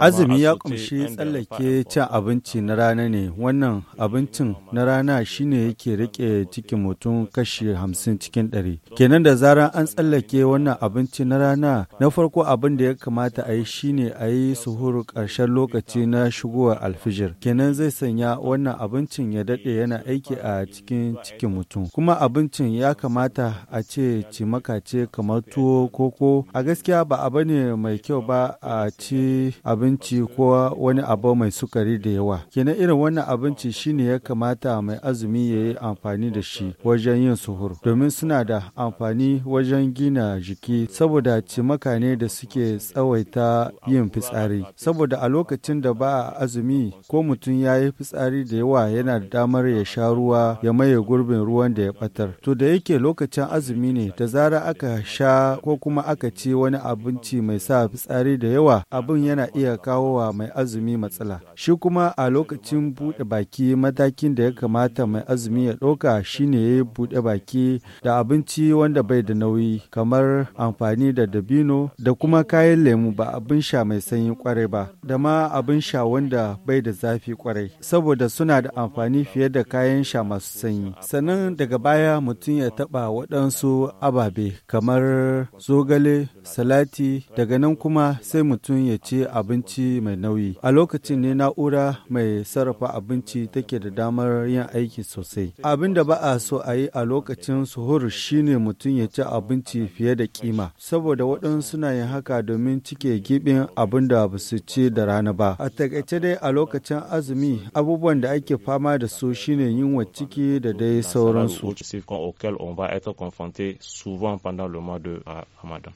Azumi ya kumshi tsallake cin abinci na rana ne, wannan abincin na rana shine yake rike cikin mutum kashi hamsin cikin ɗari. Kenan da zarar an tsallake wannan abinci na rana, na farko abin da ya kamata a yi shine a yi suhuru karshen lokaci na shigowar alfijir. Kenan zai sanya wannan abincin ya daɗe yana aiki a cikin cikin mutum. Kuma abincin ya kamata a ce cimaka ce kamar tuwo koko, a gaskiya ba abu ne mai kyau ba a ci abinci ko wani abu mai sukari da yawa Kina irin wannan abinci shine ya kamata mai azumi ya yi amfani da shi wajen yin suhur domin suna da amfani wajen gina jiki saboda cimaka ne da suke tsawaita yin fitsari saboda a lokacin da ba a azumi ko mutum ya yi fitsari da yawa yana da damar ya sha ruwa ya maye gurbin ruwan da ya batar to da yake lokacin azumi ne da zara aka sha ko kuma aka ci wani abinci mai sa fitsari da yawa abin yana iya kawo wa mai azumi matsala. Shi kuma a lokacin buɗe baki matakin da ya kamata mai azumi ya ɗauka shine ya yi buɗe baki da abinci wanda bai da nauyi kamar amfani da dabino da kuma kayan lemu ba abin sha mai sanyi kwarai ba da ma abin sha wanda bai da zafi kwarai saboda suna da amfani fiye da kayan sha masu sanyi. Sannan daga baya mutum ya taɓa waɗansu ababe kamar zogale, salati daga nan kuma kuma sai mutum ya ci abinci mai nauyi. A lokacin ne na'ura mai sarrafa abinci take da damar yin aiki sosai. Abin da ba a so a yi a lokacin suhur shine mutum ya ci abinci fiye da kima, saboda waɗansu suna yin haka domin cike gibin abin da ba su ci da rana ba. A takaice dai a lokacin azumi abubuwan da ake fama da su shine yunwa ciki da dai sauransu. souvent pendant le mois de euh, Ramadan.